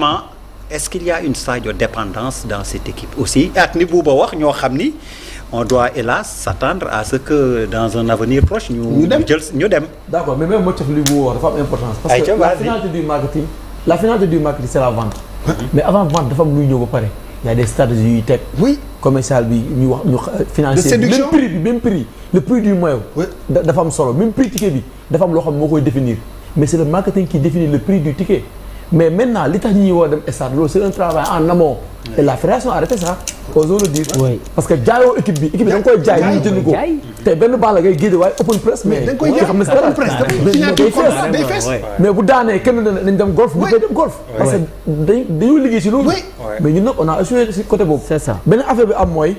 concrètement est-ce qu'il y a une Sadio ñoo xam ni on doit hélas s'attendre à ce que dans ñu dem ñu jël ñu dem. d'accord mais même la finalité du marketing c'est la vente. mais avant vente dafa am luy ñëw ba pare. y a des stratégies yuy teg. oui commercial bi ñu wax ñu financier bi même prix bi même prix le prix du maillot. dafa am solo même prix ticket bi dafa am loo xam moo koy définir mais c'est le marketing qui définit le prix du ticket. mais maintenant li tax ñuy woo dem stade loolu c'est un travail en parce que jaayoo équipe bi équipe bi da koy jaay ko. te benn ball ngay géej waaye open press. mais da nga koy xam ne c'est open press day fees mais bu daanee kenn dañ dem golf. bu koy dem golf. parce que dañu liggéey si loolu. mais ñun nag on a assuré si côté benn affaire bi am mooy.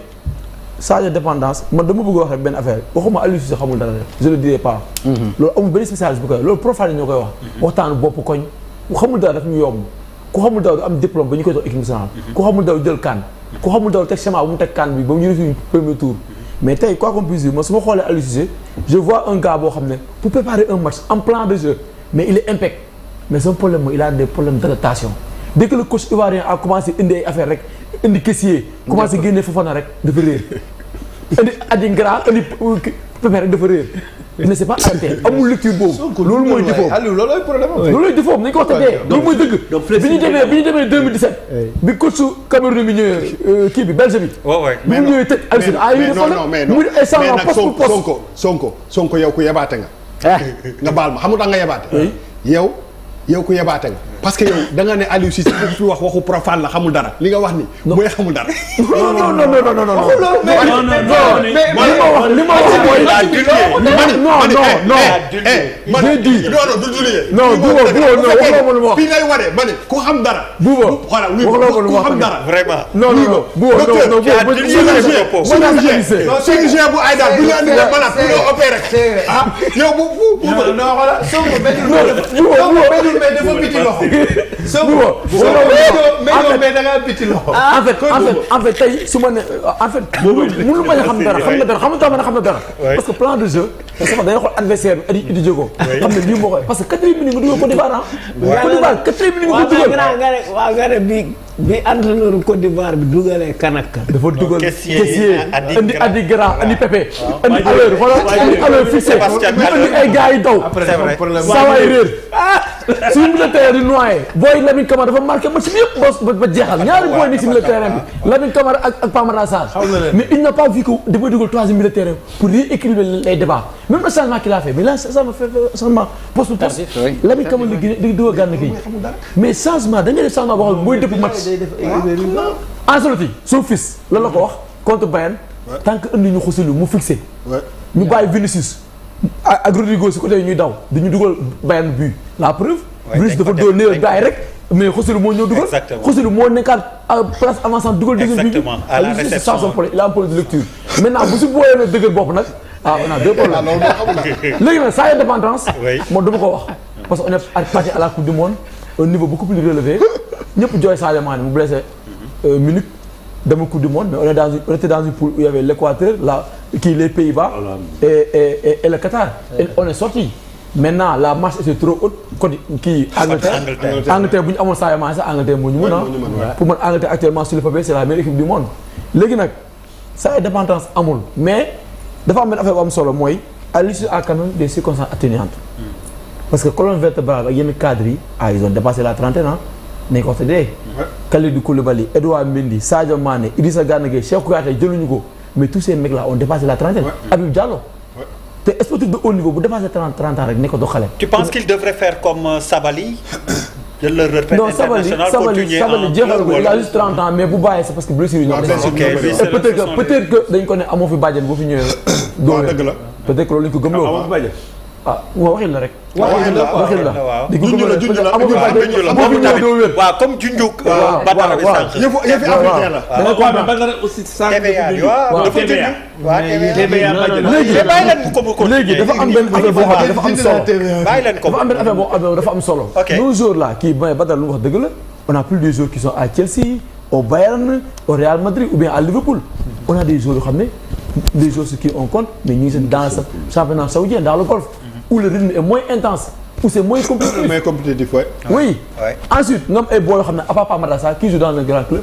Sadio dépendance man dama bëgg wax rek benn affaire waxuma Aliou Cissé xamul dara je le dirai pas. Mhm. loolu amul benn spécialiste bu koy loolu profane ñoo koy wax. Mhm. waxtaan bopp koñ. ku xamul dara daf ñu yomb ku xamul daaw du am diplôme ba ñu koy jox équipe nationale mhm. ku xamul daaw jël kan ku xamul daaw teg chemin bu mu teg kan bi ba mu ñu suñu premier tour mhm. mais tey quoi qu'on puisse su ma xoolee Aliou je vois un gars boo xam ne pour préparer un match en plan de jeu mais il est impec mais son problème mooy il a des problèmes d'adaptation dès que le coach ivoirien commencé indi ay affaire rek indi caissier commencé génne Fofana rek dafa réer indi ne c'est pas arrêté amul lecture boobu. loolu mooy défaut Aliou loolooy problème am. loolooy défaut am ko wax dee. loolu mooy dëgg. donc ñu demee bi ñu demee 2017. bi coach su bi ñëwee euh, kii bi Belge bi. waaw waay mais non mais non mais non mais nag Sonko Sonko Sonko yow ku yebaate nga. Eh. nga baal ma xam nga nga yebaate. yow yow ku yebaate nga. parce que yow da nga ne Aliou Cissé fi wax waxu profane la xamul dara li nga wax ni mooy xamul dara. non non non non non non non non non non non non mais da ngaa biti loxo. Ah. en fait en fait en fait tey su ma ne en fait. mënu ma xam dara xam nga dara xam nga tax ma ne xam na dara. parce que plan de jeu. parce que day xool adversaire bi Edou Edou Diogo. xam ne lii moo koy parce que quatrième minute nga dugal Côte d'Ivoire ah. waaw Côte d'Ivoire quatrième minute nga dugal waaw nga ne waaw nga ne bi bi entraîneur Côte d'Ivoire bi dugalee Kanaka. dafa dugal Kessié andi Adi Gara andi Pepe. andi ah. alors voilà andi alors fixé andi ay gars yi daw. après c'est vrai saa waay réer. Ah. suñu milieu terrain booy Lamine Camara dafa marqué match yëpp ba ba jeexal ah, ñaari booy ni si milieu terrain bi ah, ak ak Pamara Sarr mais il n'a pas vu que dafa dugal troisième pour rééquilibrer les débats même le changement qu'il a fait mais là ça m'a fait changement poste poste Lamine Camara la gën di gi mais changement da ngay def boo xam ne mooy dëpp match Ancelotti son fils lan la ko wax contre Bayern tant que indi ñu xusilu mu fixé ñu ak Rodrigo si côté yi ñuy daw dañu dugal Bayern bi la preuve. Bruce dafa doon néew gaay mais Joselu moo ñëw dugal. exactement moo nekkaat place avançante dugal. exactement à la réception il a un problème de lecture. maintenant bu si booyee nag dëgër bopp nag. ah on a deux problèmes ah, léegi nag saa indépendance. oui la coupe du monde un niveau beaucoup plus relevé ñëpp jooy Sadio Mané mu blessé Munich dama coupe du monde mais on dans une on était dans l'Équateur la. kii les Pays-Bas oh et, et, et, et le la marche kii Angleterre Angleterre bu ñu amoon Sadio Mané sax Angleterre moo ñu mën a pour man Angleterre actuellement sur le papier c'est la meilleure équipe du monde léegi nag sa ay amul mais dafa am benn affaire bu am solo mooy à l'issue à quand même des circonstances atténuantes parce que colonne vertébrale ak yenn cadres yi ah ils ont dépassé la trentaine ans ah. nañ ko wax te dee Kalidou Koulibaly Edouard Mendy Sadio Mané Idrissa Gana Gueye Cheikh Kouyaté jëluñu ko mais tous ces mecs là ont dépassé la trentaine. Habib Diallo. te sportif de haut niveau bu dépassé 30 rek ne ko do xale. tu penses euh, non Sabali Sabali jeexal ko il a juste 30 mais bu bàyyee c'est parce que blessure yi ñoom peut-être que peut-être que dañ ko ne amoo fi fi ñëwee. waaw dëgg que loolu lañ ko gëmloo. ah waaw waxin la rek. waxin la waxin la waaw junj la junj euh, dafa am solo. bàyyi leen ko kii may Badara lu wax dëgg la a plus de joueurs qui sont à Chelsea au Bayern au Real Madrid ou bien à Liverpool. on a des joueurs yoo xam ne des joueurs sur qui on compte mais ñu ngi seen dans championnat saoudien dans le golfe où le rythme est moins intense où c'est moins compliqué. moins compliqué ouais. oui ensuite nga am ay boo yoo xam ne Apapa Madrasa qui joue dans le grand club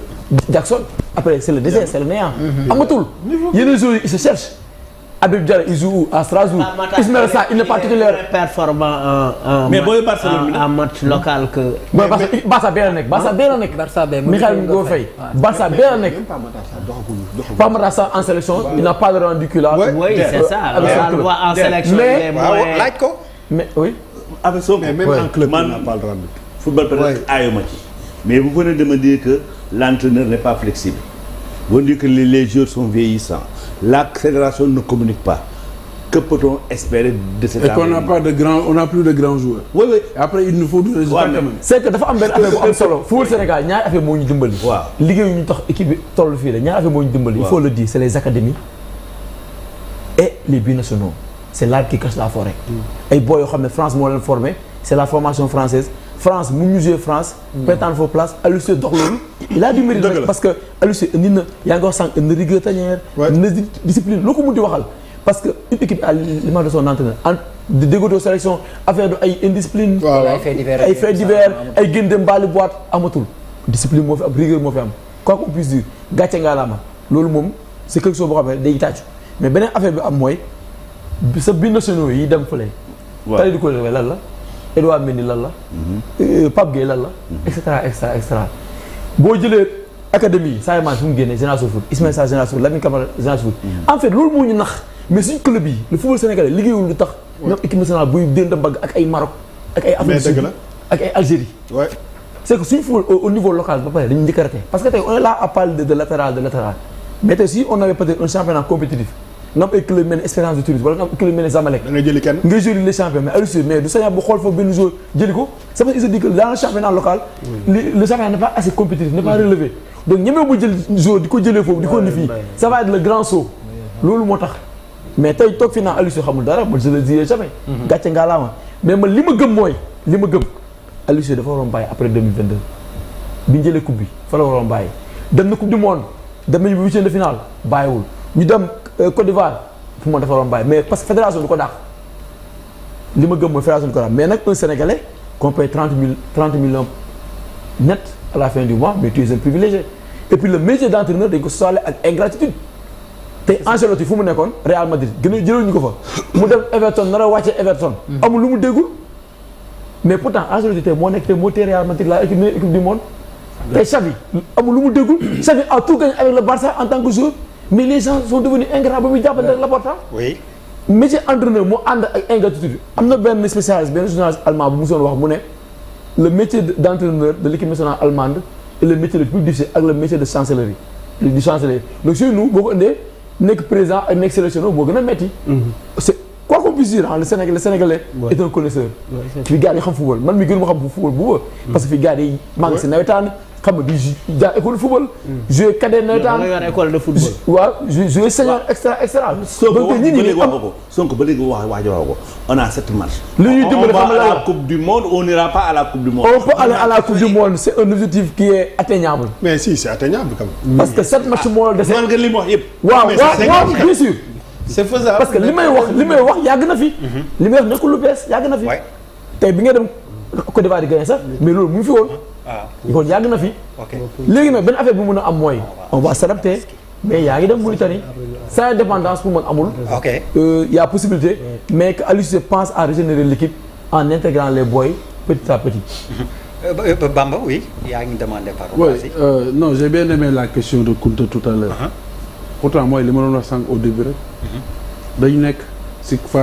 Jackson après c'est le désert yeah. c'est le néant. Mm-hmm. amatul yeneen joueurs yi ils se cherchent. Habib Diarra il joue à Strasbourg. Ismaël Sarr il n'est pas titulaire. il euh, euh, mais booy Barcelone en match local que. nekk Barça bee la nekk. Barça bee mooy Mikayil Faye Barça bee la nekk. Pape Matar en sélection il n'a pas le voit en mais laaj mais oui. avec son mais même football peut-être ci. mais vous venez de que l'entraîneur n'est pas flexible. vous dites que les joueurs sont vieillissants. la fédération ne communique pas que peut espérer de cette année n'a pas de grand on n'a il nous faut du résultat quand dafa am benn affaire bu am solo. football Sénégal ñaari affaire moo ñu dimbali. waaw liggéey ñu tax équipe bi toll fii la ñaari affaire moo ñu dimbali. il faut le c'est les académies et les binationaux. c'est l'arbre qui cache la forêt. Mm. ay boy yoo xam ne France moo leen formé c'est la formation française France mu ñu joué France. Hmm. prétendre faux place Aliou dox loolu. il a du mérite nag parce que Aliou Cissé na yaa ngi wax sànq na rigueur tanière. na discipline loo ko munti waxal. parce que une équipe à l'image de son entraîneur sélection affaire du ay indiscipline. ay faits divers ay faits divers ay génn dem mbaali boîte amatul. discipline moo fi am rigueur moo fi am quoi qu'on puisse dire gàcce ngaa loolu moom c'est quelque chose boo xam day tàccu mais beneen affaire bi am mooy sa binationaux yi dem fële. waaw tali di ko la. Edouard Mendy lan la. Mhm. Pape Gueye lan la. Mhm. et cetera et cetera et cetera boo jëlee académie yi Sadio Mané fu mu génnee génération foot Ismaïla Sarr génération foot Lamine Camara génération foot. Mhm. en fait loolu moo ñu nax mais suñ club yi le football sénégalais liggéeyul lu tax. même équipe nationale buy dén da mbagg ak ay Maroc. ak ay Afrique a raté parce de latéral de latéral mais tey si on avait peut-être un championnat compétitif. nga am ay club mel ni Espérance de Tunis wala nga jëli kenn nga jëli les champions mais Aliou mais du sañaa bu xool foofu benn jour jëli ko ça veut dire que dans le championnat local. le championnat n'est assez compétitif n'est pas donc ñemee bu jël jour di ko jëlee foofu di ko indi fii ça va être le grand saut. loolu moo tax mais tey toog fi naa Aliou xamul dara man je le dirai jamais. Mhm. gàcce ngaa laa ma mais ma li ma gëm mooy li ma gëm Aliou dafa waroon bàyyi après 2022 bi ñu bi fa la waroon bàyyi na coupe du dem na huitième de finale ñu dem euh, Côte d'Ivoire fu ma defaroon bàyyi mais parce que fédération du ko daax li ma gëm mooy fédération du ko dàq mais nag un sénégalais qu'on trente mille trente millions net à la fin du mois mais tu es un privilégié et puis le métier d'entraîneur dañ ko sosaale ak ingratitude tey Ancelotti fu mu nekkoon Real Madrid gën a jëloon ñu ko fa mu dem Everton nar a wàcce Everton mm-hmm. amul lu mu déggul mais pourtant Ancelotti tey moo nekk tey moo tee Real Madrid la équipe équipe du monde lu mu déggul Xavi a tout en tant que joueur mais les gens sont devenus ingrats ba muy jàppante ak Laporta. oui métier entraîneur moo ànd ak ingratitude. am na benn spécialiste benn journaliste allemand bu musoon wax mu ne le métier d' entraîneur de l' équipe nationale allemande est le métier le plus difficile ak le métier de chancellerie du chancelier donc chez nous boo ko indee nekk président ak nekk sélectionneur moo gën a metti. Mhm. quoi qu' on puisse dire ah le Sénégalais le Sénégalais. connaisseur. fi gars yi xam football man mi gën ma que fi xam nga di jaar école de football. Mm. joué cadet nawetaan nga waaw joué senior extra extra. ba léegi wax ko Sonko ba léegi wax waaj dimbali xam la coupe du monde on n'ira pas à la coupe du monde. c'est un objectif qui est atteignable. mais si c'est atteignable parce que sept matchs moo dese. man wax yëpp. waaw waaw bien sûr. c'est li may wax li may wax yàgg na fi. Mhm. li may wax nekkul lu bees yàgg na fi. tey bi nga dem Côte d'Ivoire di sax mais loolu mu fi woon. loolu ah. yàgg na fi. léegi nag benn affaire bu mën a am mooy. Ah, on va s'adapter mais yaa ngi dem Mauritanie sans indépendance pour man amul. ok euh, y a possibilité. mais que Aliou Cissé pense à régénérer l'équipe en intégrant les boys petit à petit. Euh, euh, Bamba oui yaa ngi demandé par oui non j'ai bien aimé la question de Kounta tout à l'heure uh-huh. pourtant li ma doon wax sànq au début rek. Uh-huh. dañu nekk si